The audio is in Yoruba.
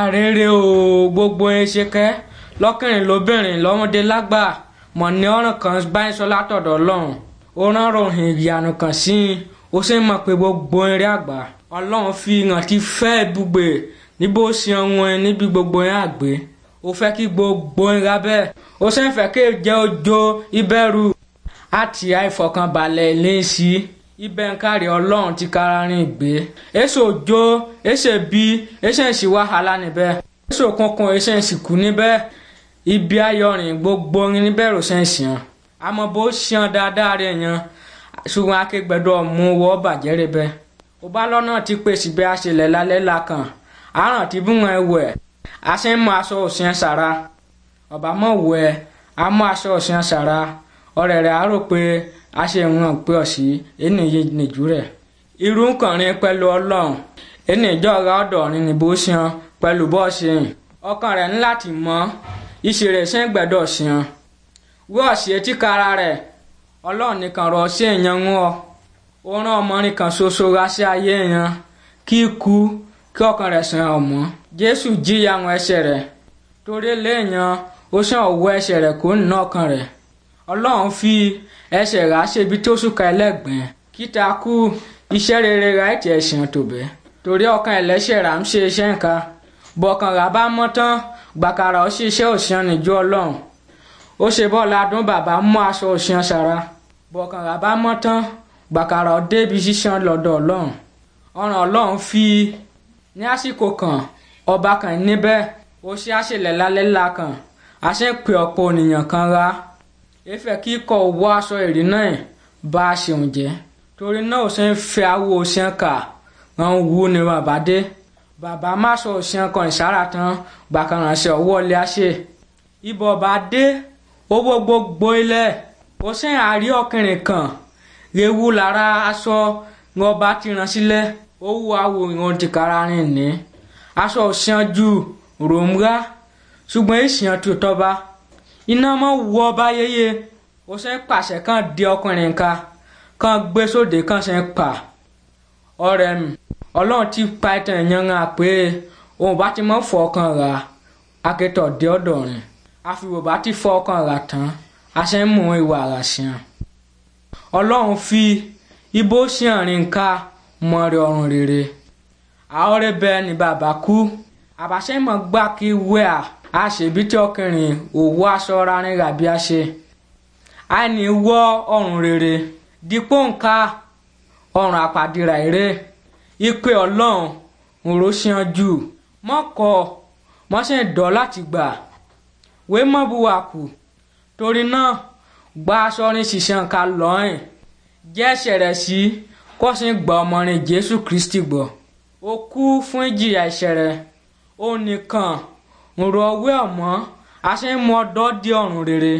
àrèrè o gbogbo eṣekẹ lọkùnrin lóbìnrin lọ́mọdé lágbà mọ̀ ní ọ̀ràn kan báyìí sọ látọ̀dọ̀ ọlọ́run ó rán ròhìn ìyànà kan sí i ó sì mọ̀ pé gbogbo eré àgbà ọlọ́run fi ìrántí fẹ́ ibùgbé níbo ṣe ohun ẹ níbi gbogbo yẹn àgbé ó fẹ́ kí gbogbo ìra bẹ́ẹ̀ ó sì ń fẹ́ kí jẹ́ ọjọ́ ìbẹ̀rù àti àìfọkànbalẹ̀ ilé sí i ibẹ̀ ń kárí ọlọ́run ti kararin ìgbé èso òjò èso bí èso ìsì wàhálà níbẹ̀ èso òkùnkùn èso ìsìnkú níbẹ̀ ibi ayọ̀rìn gbogbo orin níbẹ̀ rò ṣe ń ṣàn àmọ́ bó ṣàn dáadáa rẹ̀ yan ṣùgbọ́n akégbẹ̀dọ̀ mú wọ́ bàjẹ́ rẹ̀ bẹ́ẹ̀ ó bá lọ́nà tí pèsè bí a ṣe lẹ̀ lálẹ́ la kàn àrùn tí bí wọ́n wẹ̀ a ṣe ń mú aṣọ òṣìṣẹ́ sára ọ̀bà mọ̀ wẹ̀ a mú aṣọ òṣìṣẹ́ sára ọ̀rẹ́ rẹ̀ á rò pé a ṣe ìwọ̀n pé ọ̀sì ẹni yé nìjú rẹ̀. irú nkànrin pẹ̀lú ọlọ́run ẹni ìjọra ọ̀dọ̀ ọ̀rin níbo ṣan pẹ̀lú bọ́ọ̀ṣì yìn ọkàn rẹ̀ ní láti mọ iṣẹ́ rẹ̀ ṣe ń gbẹ̀dọ̀ ṣan wí ọ̀sì etí kara rẹ̀ ọlọ́run nìkan rọ̀ ṣe èèyàn ń wọ̀ ó rán ọmọrin kan ṣoṣo ra sí ayé èèyàn kí ikú kí ọkàn rẹ̀ sàn ọ̀mọ́ jésù jíyà àwọn ẹ̀ṣẹ̀ rẹ̀ torí léèyàn ó ṣàn òwú ẹ̀ṣẹ̀ rẹ̀ kó nínú ọkàn rẹ̀ ọlọ́run fi ẹsẹ̀ rà ṣebi tó súnka ẹlẹ́gbẹ̀ẹ́ kíta kú iṣẹ́ rere ra ètò ẹ̀sìn tòbẹ́ torí ọkàn ẹlẹ́ṣẹ̀ rà ń ṣe iṣẹ́ nǹkan bọ̀kàn rà bá mọ́ tán gbàkàrà ó ṣiṣẹ́ òṣìṣẹ́ nìjọ ọlọ́run ó ṣe bọ́ọ̀lù adún bàbá mú aṣọ òṣìṣẹ́ sára bọ̀kàn rà bá mọ́ tán gbàkàrà ó débi ṣiṣẹ́ lọ́dọ̀ ọlọ́run ọ̀ràn ọlọ́run fi ní àsìkò kan ọba kan níbẹ̀ ó ṣe àṣẹlẹ̀ lálẹ́ la kan àṣẹ pé ọ̀pọ̀ ènìyàn kan ra ẹfẹ kíkọ wọ aṣọ ìrì náà bá a ṣeun jẹ torí náà ò ṣe ń fẹ awo òṣìṣẹ́ kà wọn ń wú ni wọn bá dé bàbá má sọ òṣìṣẹ́ kan ìsára tán gbàkan ránṣẹ́ ọwọ́ ilé àṣẹ ibọ̀ bá dé owó gbogbo ilẹ̀ òṣìṣẹ́ àárí ọkùnrin kan rewu lára aṣọ wọn bá ti rán sílẹ̀ owó àwòrán ti kára rìn ní aṣọ òṣìṣẹ́ ju ròmúra ṣùgbọ́n èsì yẹn tó tọ́ bá iná mọ́ wọ ọba yeye ó ṣe ń pàṣẹ kan di ọkùnrin ká kan gbé sóde kan ṣe ń pa ọ̀rẹ́ mi ọlọ́run ti pa ìtàn yẹn hàn pé òun bá ti mọ́ fọ ọkàn rà akẹ́tọ̀ dé ọ̀dọ̀ àfihàn bá ti fọ ọkàn rà tán a ṣe ń mú ìwà rà ṣàn ọlọ́run fi ibo ṣe àrìn ká mọ̀rẹ̀ ọ̀run rere àọ́rẹ́ bẹ́ẹ̀ ni bàbá kú àbáṣẹ́ mọ̀ gbà kí wẹ́à àṣebítí ọkùnrin òwò aṣọ rarin rà bí a ṣe àìní wọ ọrùn rere dípò nǹka ọrùn àpàdìrà èrè ìpè ọlọ́run òróṣìànjú mọ́kọ mọ́ṣẹ́ dọ́ láti gbà wé mọ́bùwà kù torí náà gba aṣọ rin ṣìṣàn ká lọ́ọ̀ìn jẹ́ ẹ̀ṣẹ̀ rẹ̀ sí kọ́sìn gba ọmọrin Jésù Kristi gbọ́ ó kú fún ìjìyà ẹ̀ṣẹ̀ rẹ̀ ó nìkan ń ro ọwé ọ̀mọ́ a ṣe ń mú ọ̀dọ́ di ọ̀rùn rere